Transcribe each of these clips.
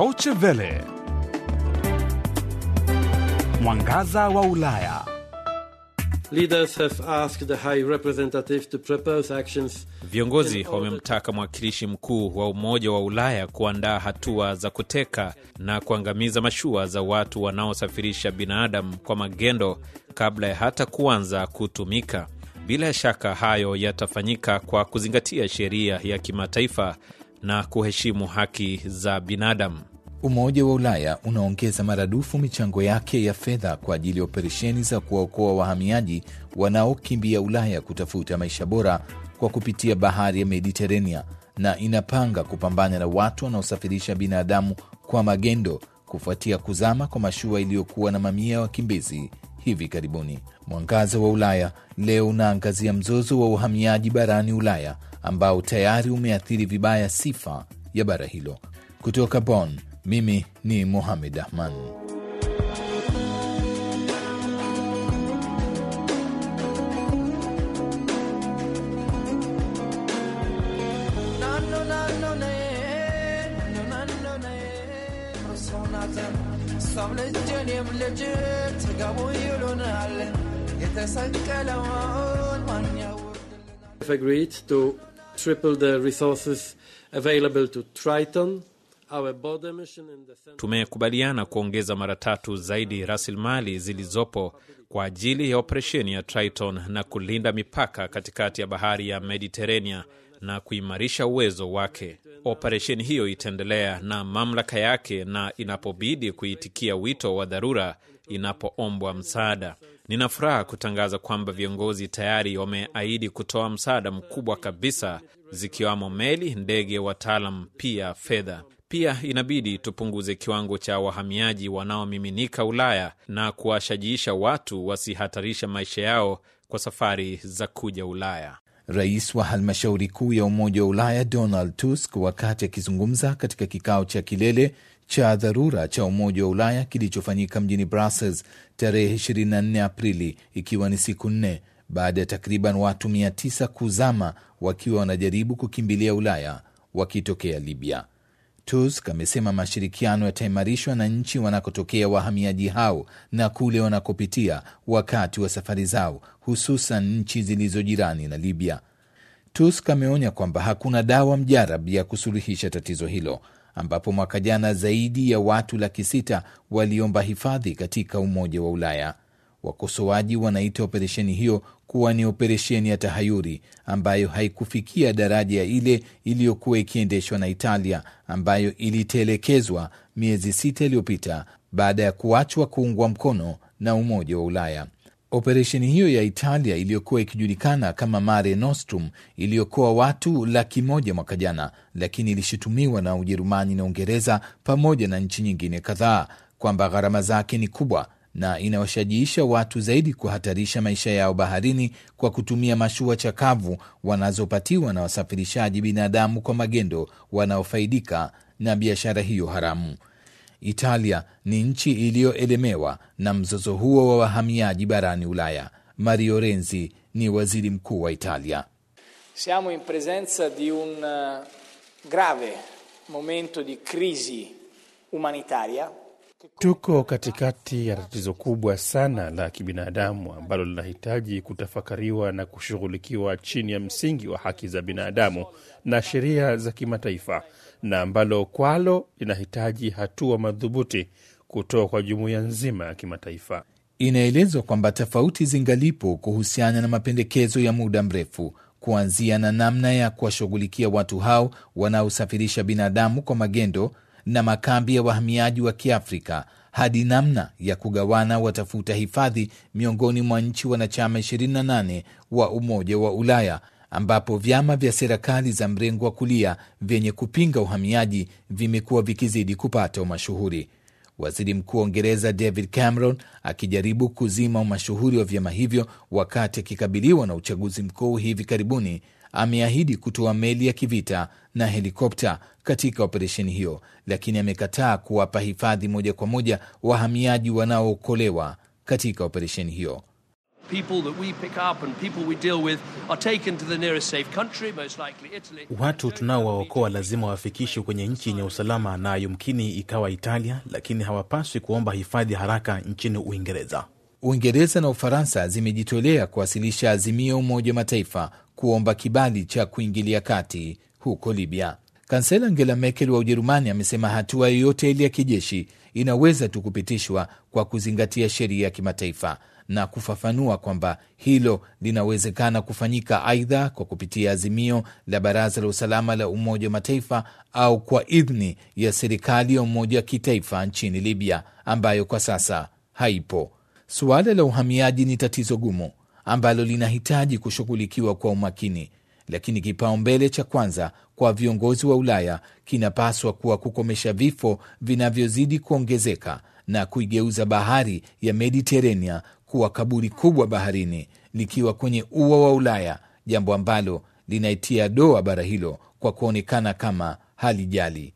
Deutsche Welle, Mwangaza wa Ulaya. Leaders have asked the high representative to propose actions. Viongozi wamemtaka mwakilishi mkuu wa Umoja wa Ulaya kuandaa hatua za kuteka na kuangamiza mashua za watu wanaosafirisha binadamu kwa magendo kabla ya hata kuanza kutumika. Bila shaka hayo yatafanyika kwa kuzingatia sheria ya kimataifa na kuheshimu haki za binadamu. Umoja wa Ulaya unaongeza maradufu michango yake ya fedha kwa ajili ya operesheni za kuwaokoa wahamiaji wanaokimbia Ulaya kutafuta maisha bora kwa kupitia bahari ya Mediterania na inapanga kupambana na watu wanaosafirisha binadamu kwa magendo kufuatia kuzama kwa mashua iliyokuwa na mamia ya wakimbizi hivi karibuni. Mwangaza wa Ulaya leo unaangazia mzozo wa uhamiaji barani Ulaya ambao tayari umeathiri vibaya sifa ya bara hilo. Kutoka Bonn, Mimi ni Mohamed Ahman. ሰብልጅንም ልጅ agreed to triple the resources available to Triton Tumekubaliana kuongeza mara tatu zaidi rasilimali zilizopo kwa ajili ya operesheni ya Triton na kulinda mipaka katikati ya bahari ya Mediterania na kuimarisha uwezo wake. Operesheni hiyo itaendelea na mamlaka yake, na inapobidi kuitikia wito wa dharura inapoombwa msaada. Nina furaha kutangaza kwamba viongozi tayari wameahidi kutoa msaada mkubwa kabisa, zikiwamo meli, ndege, wataalam, pia fedha. Pia inabidi tupunguze kiwango cha wahamiaji wanaomiminika Ulaya na kuwashajiisha watu wasihatarisha maisha yao kwa safari za kuja Ulaya. Rais wa halmashauri kuu ya Umoja wa Ulaya Donald Tusk, wakati akizungumza katika kikao cha kilele cha dharura cha Umoja wa Ulaya kilichofanyika mjini Brussels tarehe 24 Aprili, ikiwa ni siku nne baada ya takriban watu 900 kuzama wakiwa wanajaribu kukimbilia Ulaya wakitokea Libya. Tusk amesema mashirikiano yataimarishwa na nchi wanakotokea wahamiaji hao na kule wanakopitia wakati wa safari zao, hususan nchi zilizo jirani na Libya. Tusk ameonya kwamba hakuna dawa mjarab ya kusuluhisha tatizo hilo ambapo mwaka jana zaidi ya watu laki sita waliomba hifadhi katika Umoja wa Ulaya. Wakosoaji wanaita operesheni hiyo kuwa ni operesheni ya tahayuri ambayo haikufikia daraja ya ile iliyokuwa ikiendeshwa na Italia ambayo ilitelekezwa miezi sita iliyopita baada ya kuachwa kuungwa mkono na Umoja wa Ulaya. Operesheni hiyo ya Italia iliyokuwa ikijulikana kama Mare Nostrum iliyokoa watu laki moja mwaka jana, lakini ilishutumiwa na Ujerumani na Uingereza pamoja na nchi nyingine kadhaa kwamba gharama zake ni kubwa na inawashajiisha watu zaidi kuhatarisha maisha yao baharini kwa kutumia mashua chakavu wanazopatiwa na wasafirishaji binadamu kwa magendo wanaofaidika na biashara hiyo haramu. Italia ni nchi iliyoelemewa na mzozo huo wa wahamiaji barani Ulaya. Mario Renzi ni waziri mkuu wa Italia. Siamo in presenza di un eh, grave momento di crisi umanitaria Tuko katikati ya tatizo kubwa sana la kibinadamu ambalo linahitaji kutafakariwa na kushughulikiwa chini ya msingi wa haki za binadamu na sheria za kimataifa, na ambalo kwalo linahitaji hatua madhubuti kutoka kwa jumuiya nzima ya kimataifa. Inaelezwa kwamba tofauti zingalipo kuhusiana na mapendekezo ya muda mrefu kuanzia na namna ya kuwashughulikia watu hao wanaosafirisha binadamu kwa magendo na makambi ya wahamiaji wa Kiafrika hadi namna ya kugawana watafuta hifadhi miongoni mwa nchi wanachama 28 wa Umoja wa Ulaya ambapo vyama vya serikali za mrengo wa kulia vyenye kupinga uhamiaji vimekuwa vikizidi kupata umashuhuri. Waziri Mkuu wa Uingereza David Cameron akijaribu kuzima umashuhuri wa vyama hivyo wakati akikabiliwa na uchaguzi mkuu hivi karibuni ameahidi kutoa meli ya kivita na helikopta katika operesheni hiyo, lakini amekataa kuwapa hifadhi moja kwa moja wahamiaji wanaookolewa katika operesheni hiyo. Watu tunaowaokoa lazima wafikishwe kwenye nchi yenye usalama, na yumkini ikawa Italia, lakini hawapaswi kuomba hifadhi haraka nchini Uingereza. Uingereza na Ufaransa zimejitolea kuwasilisha azimio Umoja wa Mataifa kuomba kibali cha kuingilia kati huko Libya. Kansela Angela Merkel wa Ujerumani amesema hatua yoyote ile ya kijeshi inaweza tu kupitishwa kwa kuzingatia sheria ya kimataifa na kufafanua kwamba hilo linawezekana kufanyika aidha kwa kupitia azimio la Baraza la Usalama la Umoja wa Mataifa au kwa idhini ya serikali ya umoja wa kitaifa nchini Libya ambayo kwa sasa haipo. Suala la uhamiaji ni tatizo gumu ambalo linahitaji kushughulikiwa kwa umakini, lakini kipaumbele cha kwanza kwa viongozi wa Ulaya kinapaswa kuwa kukomesha vifo vinavyozidi kuongezeka na kuigeuza bahari ya Mediterania kuwa kaburi kubwa baharini likiwa kwenye ua wa Ulaya, jambo ambalo linaitia doa bara hilo kwa kuonekana kama halijali.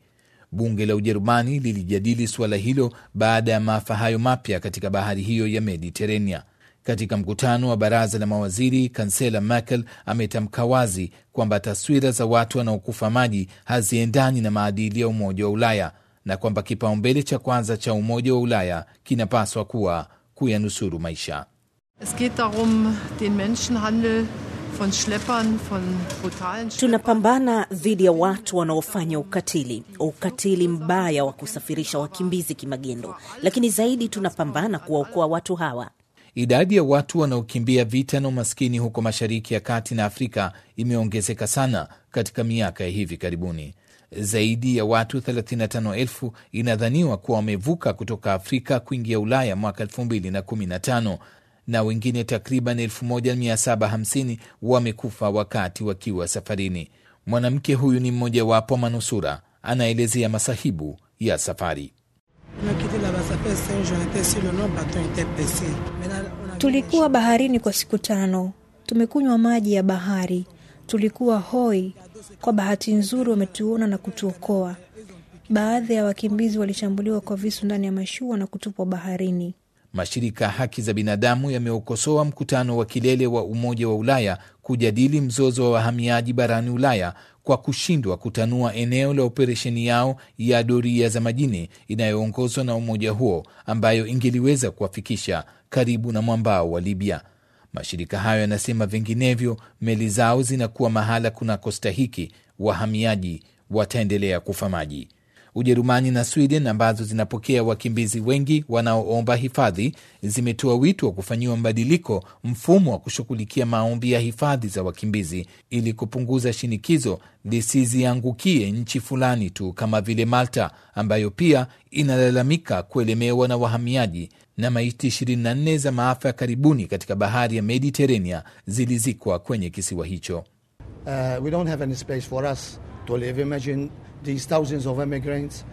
Bunge la Ujerumani lilijadili suala hilo baada ya maafa hayo mapya katika bahari hiyo ya Mediterania. Katika mkutano wa baraza la mawaziri, kansela Merkel ametamka wazi kwamba taswira za watu wanaokufa maji haziendani na maadili ya Umoja wa Ulaya na kwamba kipaumbele cha kwanza cha Umoja wa Ulaya kinapaswa kuwa kuyanusuru maisha. Es geht darum, den Menschenhandel von Schleppern, von brutalen... Tunapambana dhidi ya watu wanaofanya ukatili, ukatili mbaya wa kusafirisha wakimbizi kimagendo, lakini zaidi tunapambana kuwaokoa watu hawa. Idadi ya watu wanaokimbia vita na umaskini huko Mashariki ya Kati na Afrika imeongezeka sana katika miaka ya hivi karibuni. Zaidi ya watu 35,000 inadhaniwa kuwa wamevuka kutoka Afrika kuingia Ulaya mwaka 2015 na wengine takriban 1750 wamekufa wakati wakiwa safarini. Mwanamke huyu ni mmojawapo manusura, anaelezea masahibu ya safari. Tulikuwa baharini kwa siku tano, tumekunywa maji ya bahari, tulikuwa hoi. Kwa bahati nzuri, wametuona na kutuokoa. Baadhi ya wakimbizi walishambuliwa kwa visu ndani ya mashua na kutupwa baharini. Mashirika ya haki za binadamu yameokosoa mkutano wa kilele wa Umoja wa Ulaya kujadili mzozo wa wahamiaji barani Ulaya kwa kushindwa kutanua eneo la operesheni yao ya doria za majini inayoongozwa na umoja huo ambayo ingeliweza kuwafikisha karibu na mwambao wa Libya. Mashirika hayo yanasema vinginevyo meli zao zinakuwa mahala kunakostahiki wahamiaji wataendelea kufa maji. Ujerumani na Sweden ambazo zinapokea wakimbizi wengi wanaoomba hifadhi zimetoa wito wa kufanyiwa mabadiliko mfumo wa kushughulikia maombi ya hifadhi za wakimbizi ili kupunguza shinikizo lisiziangukie nchi fulani tu kama vile Malta ambayo pia inalalamika kuelemewa na wahamiaji na maiti 24 za maafa ya karibuni katika bahari ya Mediterania zilizikwa kwenye kisiwa hicho. Uh, we don't have any space for us to live. Imagine These thousands of immigrants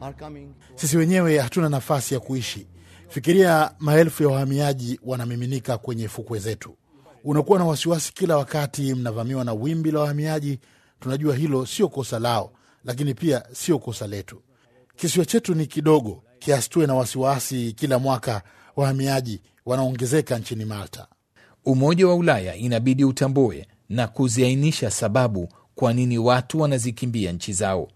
are coming Sisi wenyewe hatuna nafasi ya kuishi. Fikiria maelfu ya wahamiaji wanamiminika kwenye fukwe zetu. Unakuwa na wasiwasi kila wakati mnavamiwa na wimbi la wahamiaji. Tunajua hilo sio kosa lao, lakini pia sio kosa letu. Kisiwa chetu ni kidogo kiasi tuwe na wasiwasi kila mwaka wahamiaji wanaongezeka nchini Malta. Umoja wa Ulaya inabidi utambue na kuziainisha sababu kwa nini watu wanazikimbia nchi zao.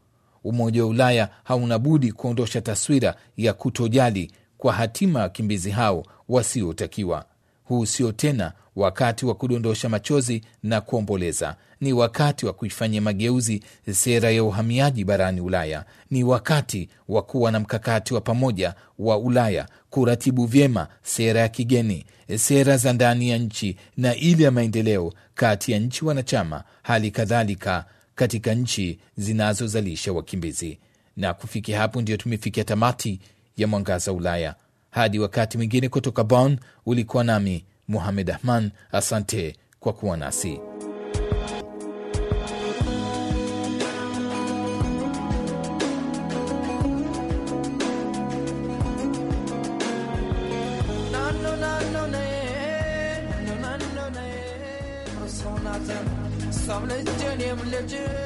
Umoja wa Ulaya hauna budi kuondosha taswira ya kutojali kwa hatima ya wakimbizi hao wasiotakiwa. Huu sio tena wakati wa kudondosha machozi na kuomboleza, ni wakati wa kuifanyia mageuzi sera ya uhamiaji barani Ulaya. Ni wakati wa kuwa na mkakati wa pamoja wa Ulaya, kuratibu vyema sera ya kigeni, sera za ndani ya nchi na ile ya maendeleo kati ya nchi wanachama, hali kadhalika katika nchi zinazozalisha wakimbizi. Na kufikia hapo, ndio tumefikia tamati ya Mwangaza Ulaya. Hadi wakati mwingine, kutoka Bonn ulikuwa nami Muhamed Ahman. Asante kwa kuwa nasi. I'm legend, i